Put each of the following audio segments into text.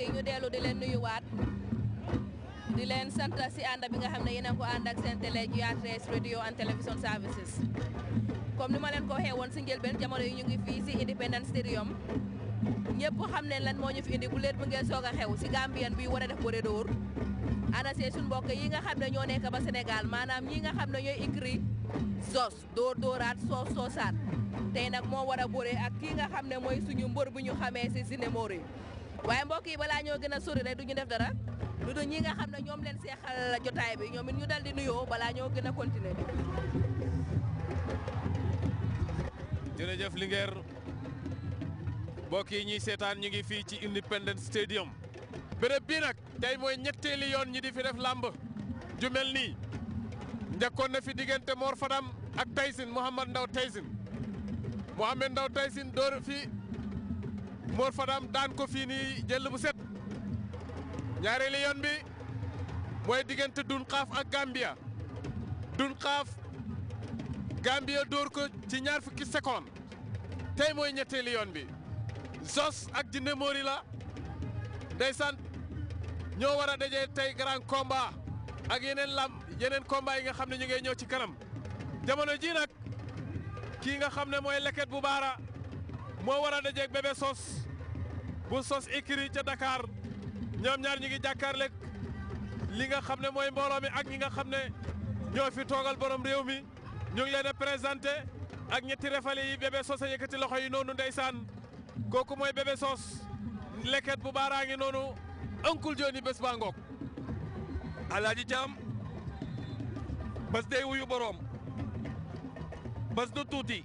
yi ñu dellu di leen nuyuwaat di leen sant si ànd bi nga xam ne yéen a ko ànd ak seen télé GRTS radio and television services comme ni ma leen ko waxee woon si njëlbeen jamono yi ñu ngi fii si Independence Stadium ñëpp xam ne leen moo ñu fi indi bu leet bu ngeen soog a xew si Gambien bi war a def bëre dóor ana see suñ mbokk yi nga xam ne ñoo nekk ba Sénégal maanaam ñi nga xam ne ñooy écrit sos dóor dóoraat soos soosaat tey nag moo war a bëre ak kii nga xam ne mooy suñu mbër bu ñu xamee si Zinemori waaye mbokk yi bala ñoo gën a sori rek du ñu def dara lu dul ñi nga xam ne ñoom leen seexal jotaay bi ñoom it ñu dal di nuyoo balaa ñoo gën a continuer. jërëjëf Linguère mbokk yi ñuy seetaan ñu ngi fii ci Independence Stadium béréb bii nag tey mooy ñetteeli yoon ñi di fi def làmb ju mel nii njëkkoon na fi diggante Mor Fadam ak Tyson Mouhamed Ndaw Tyson Ndaw Tyson door fi. Mor daan ko fii nii jël bu set ñaareelu yoon bi mooy diggante dun xaaf ak Gambia dun xaaf Gambia dóor ko ci ñaar fukki sekon tey mooy ñetteelu yoon bi Zos ak Djindé Mori la ndeysaan ñoo war a dajee tey grand komba ak yeneen lam yeneen combat yi nga xam ne ñu ngi ñëw ci kanam jamono ji nag kii nga xam ne mooy leket bu baara moo war a dajeeg bébé sos bu sos écrit ca dakaar ñoom ñaar ñu ngi jàkkaarlek li nga xam ne mooy mbooloo mi ak ñi nga xam ne ñoo fi toogal borom réew mi ñu ngi leen a présenté ak ñetti refale yi bébé sos a yëkkati loxo yi noonu ndeysaan kooku mooy bébé sos leket bu baaraa ngi noonu Uncle Johnny bés baa ngoog alaaji caam bés day wuyu boroom bés du tuuti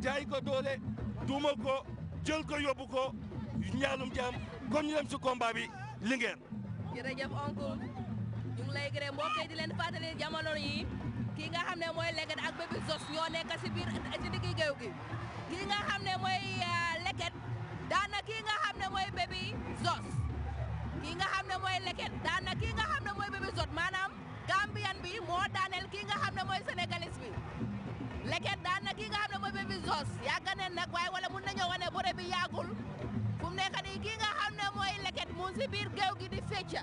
jaay ko doole duuma ko jël ko yóbbu ko ñaalum jaam kon ñu dem si combat bi Linguère. jërëjëf oncle ñu ngi lay gërëm mbokk yi di yi kii nga xam ne mooy Leket ak Bébé Zos ñoo nekk si biir gi kii euh, nga xam ne mooy Leket daan na kii nga xam ne mooy Bébé Zos kii nga xam ne mooy Leket daan kii nga xam ne mooy Bébé Zos maanaam Gambian bi moo daaneel kii nga xam ne mooy sénégalais bi Leket ak ki nga xam ne mooy Bébé Zos yàgg neen nag waaye wala mun nañoo wane bëre bi yàggul fu mu nekk nii ki nga xam ne mooy leket mu si biir géew gi di fecca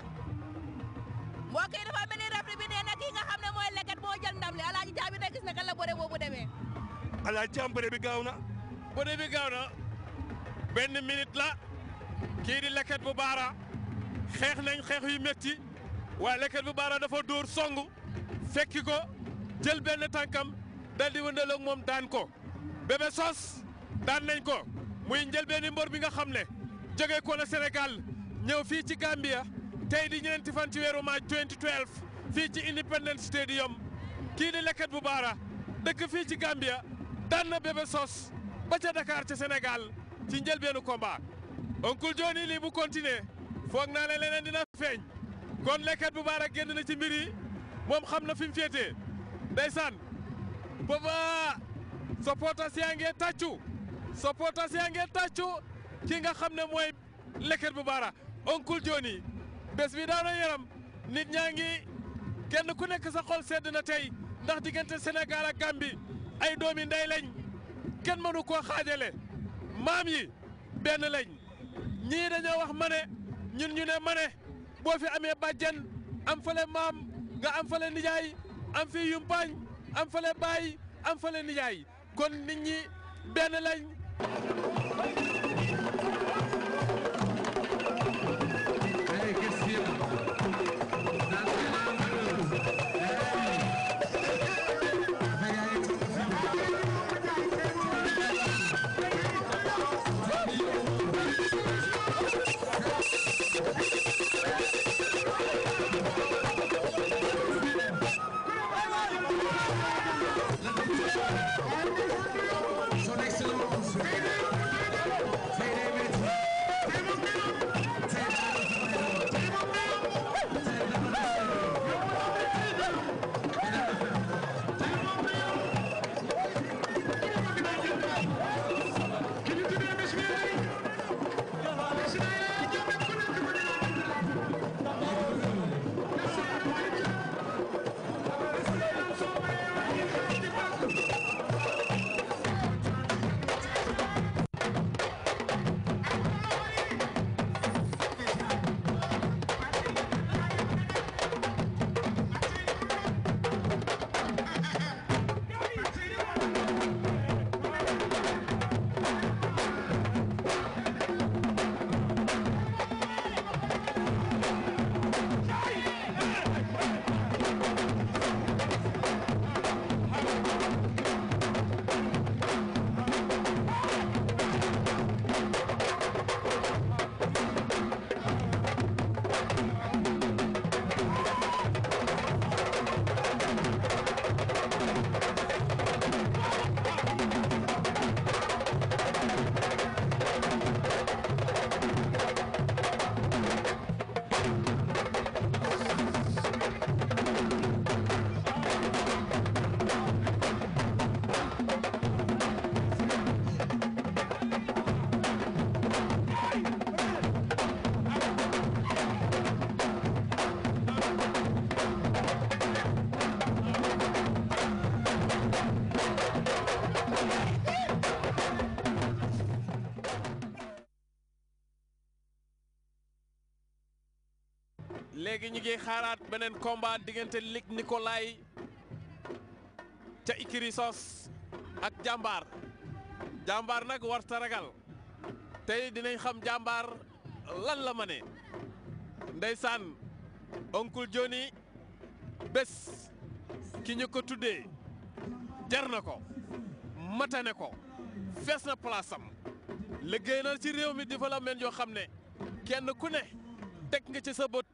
mbokk yi dafa mel ni rafet bi nee na ki nga xam ne mooy leket moo jël ndam li alaaji jaabi na gis naka la bëre boobu demee. alaaji am bëre bi gaaw na. bëre bi gaaw na benn minute la kii di leket bu baara xeex nañ xeex yu métti waaye leket bu baara dafa dóor songu fekki ko jël benn dal di wëndeel moom daan ko Bébé Sos daan nañ ko muy njëlbeeni mbor bi nga xam ne jógee ko na ñëw fii ci gàmbia tey di ñeenti fan ci weeru maaj 2012 fii ci Independence Stadium kii di Leket Boubacara dëkk fii ci Gambia daan na Bébé Sos ba ca Dakar ca senegal ci njëlbeenu combat Oncle Johnny lii bu continuer foog naa ne leneen dina feeñ kon Leket Boubacara génn na ci mbir yi moom xam na fi mu féetee ndeysaan Papa supporters yaa ngee tàccu supporters yaa ngee tàccu ki nga xam ne mooy Leket bu Bara Oncle Johnny bés bi daana yaram nit ñaa ngi kenn ku nekk sa xol sedd na tey ndax diggante Sénégal ak Gambie ay doomi ndey lañ kenn mënu koo xaajale maam yi benn lañ ñii dañoo wax ma ne ñun ñu ma ne boo fi amee bàjjen am fale maam nga am fale nijaay am fi yumpaañ am fale baay am fale nijaay kon nit ñi benn lañ Boom. léegi ñu ngiy xaaraat beneen combat diggante Luc Nicolaï ca Ikiri Sos ak jàmbaar jàmbaar nag war ta ragal tey dinañ xam jàmbaar lan la ma ne ndeysaan oncle Johnny bés ki ñu ko tuddee jar na ko matane ko fees na place am na ci réew mi développement yoo xam ne kenn ku ne teg nga ci sa bët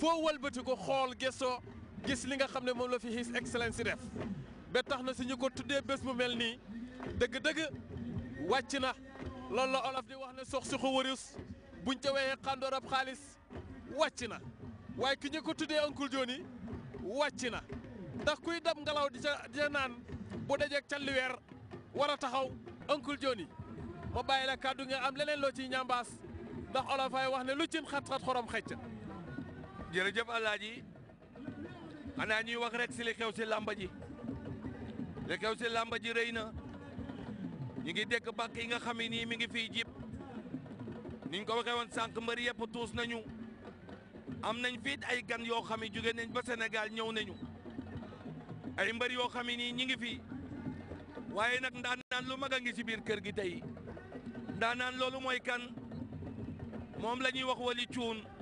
foo wëlbati ko xool gëstoo gis li nga xam ne moom la fi His si def ba tax na si ñu ko tuddee bés mu mel nii dëgg-dëgg wàcc na loolu la olof di wax ne sox si ko buñ ca weexee xàndoor ab xaalis wàcc na waaye ki ñu ko tuddee Uncle Johnny wàcc na ndax kuy dab ngelaw di ca di ca naan bu dajeeg calli weer war taxaw Uncle Johnny ma bàyyi la kàddu nga am leneen loo ci ñambaas ndax olof ay wax ne lu cin xat-xat xorom xecc jerejeuf alaaji ana ñuy wax rek ci li xew ci lamba ji li xew ci lamba ji reyna ñi ngi dekk bak yi nga xam ni mi ngi fi jib niñ ko waxee won sank mbeur yëpp tous nañu am nañ fi ay gan yo xam ne jóge nañ ba Sénégal ñew nañu ay mbeur yo xam ni ñi ngi fi nak lu maga ngi ci biir kër gi tey ndaanaan lolu moy kan mom lañuy wax wali cuun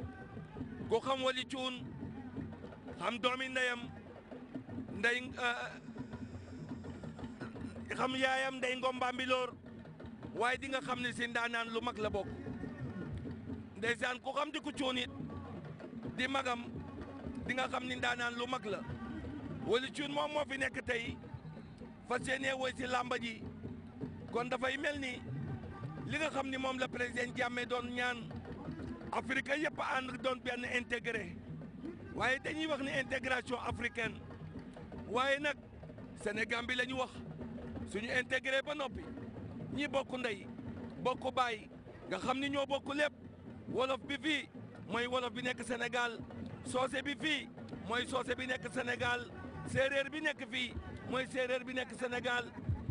ku xam wali cuun xam doomi ndeyam ndey xam yaayam ndey eh, ngomba mbiloor waaye di xam ne si ndaanaan lu mag la bokk ndeysaan ku xam di ku cuun di magam di nga xam ni ndaanaan lu mag la wali cuun moom moo fi nekk tey fas yéene woy si làmba ji kon dafay mel ni li nga xam ni moom la président Jammeh doon ñaan africain yëpp ànd doon benn intégré waaye dañuy wax ni intégration africaine waaye nag Sénégal bi la ñu wax suñu intégré ba noppi ñi bokk ndey bokk baay nga xam ni ñoo bokk lépp wolof bi fii mooy wolof bi nekk senegal soose bi fii mooy soose bi nekk senegal séeréer bi nekk fii mooy séeréer bi nekk Sénégal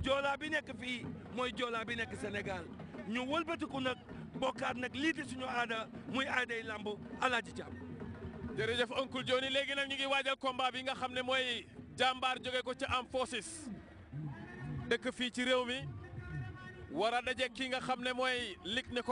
joolaa bi nekk fii mooy joolaa bi nekk Sénégal ñu wëlbatiku nag boo bokkaat nag lii di suñu aada muy aaday lamb alaaji jàmm jërëjëf oncle Johnny léegi nag ñu ngi waajal combat bi nga xam ne mooy jàmbaar jóge ko ci am forces dëkk fii ci réew mi war a daje nga xam ne mooy lig ne ko